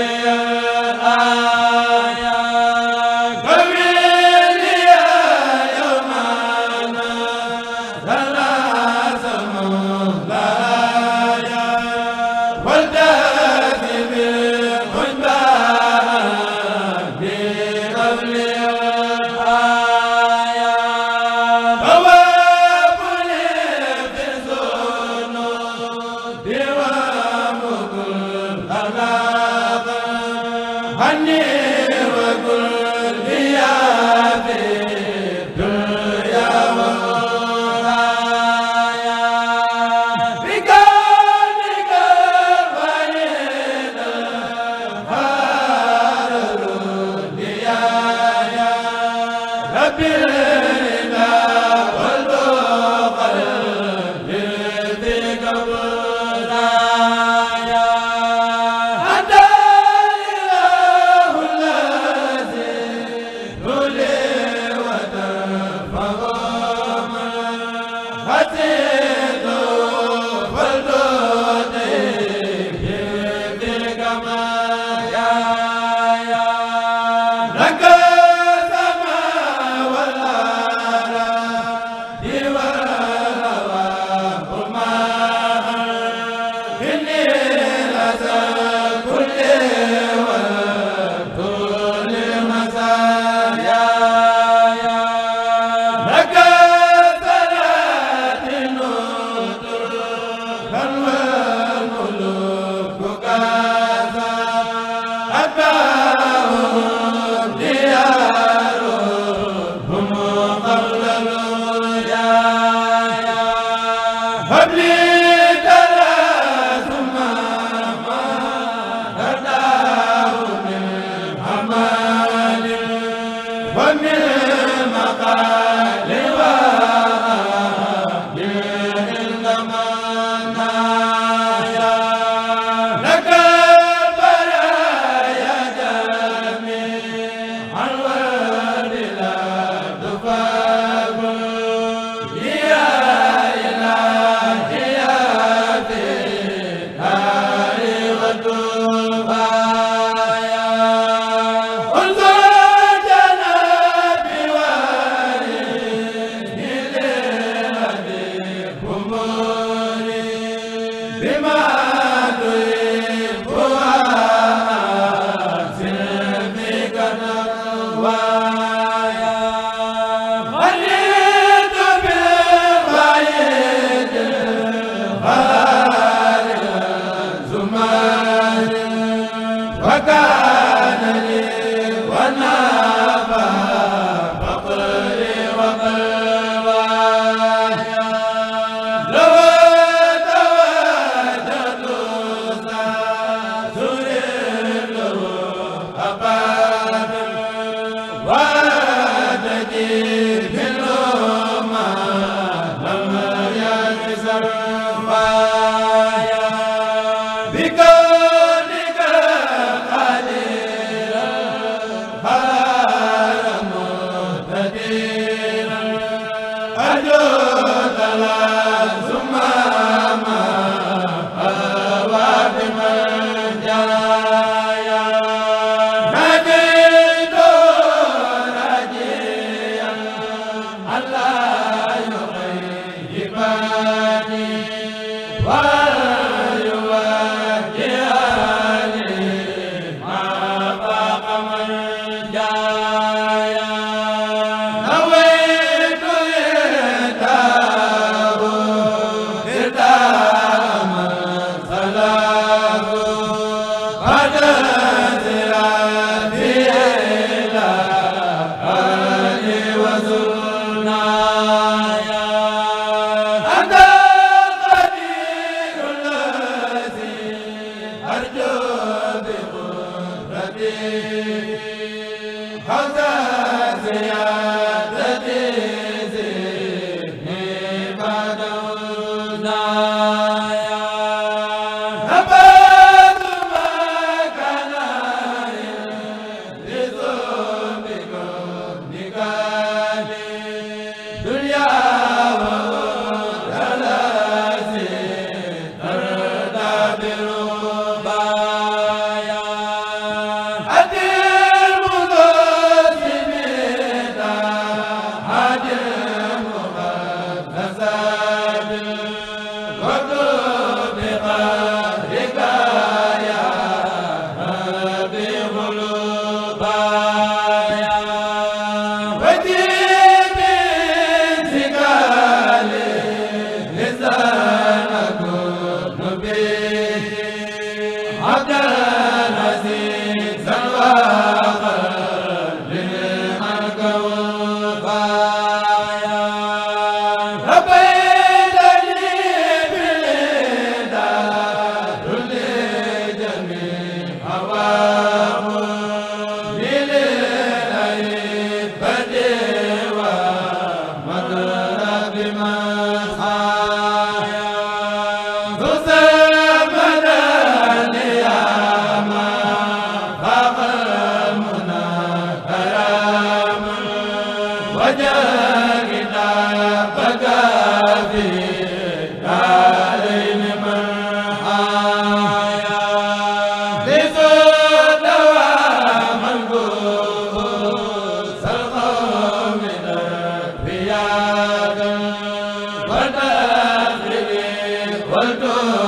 Hallelujah ane Akbar wa wal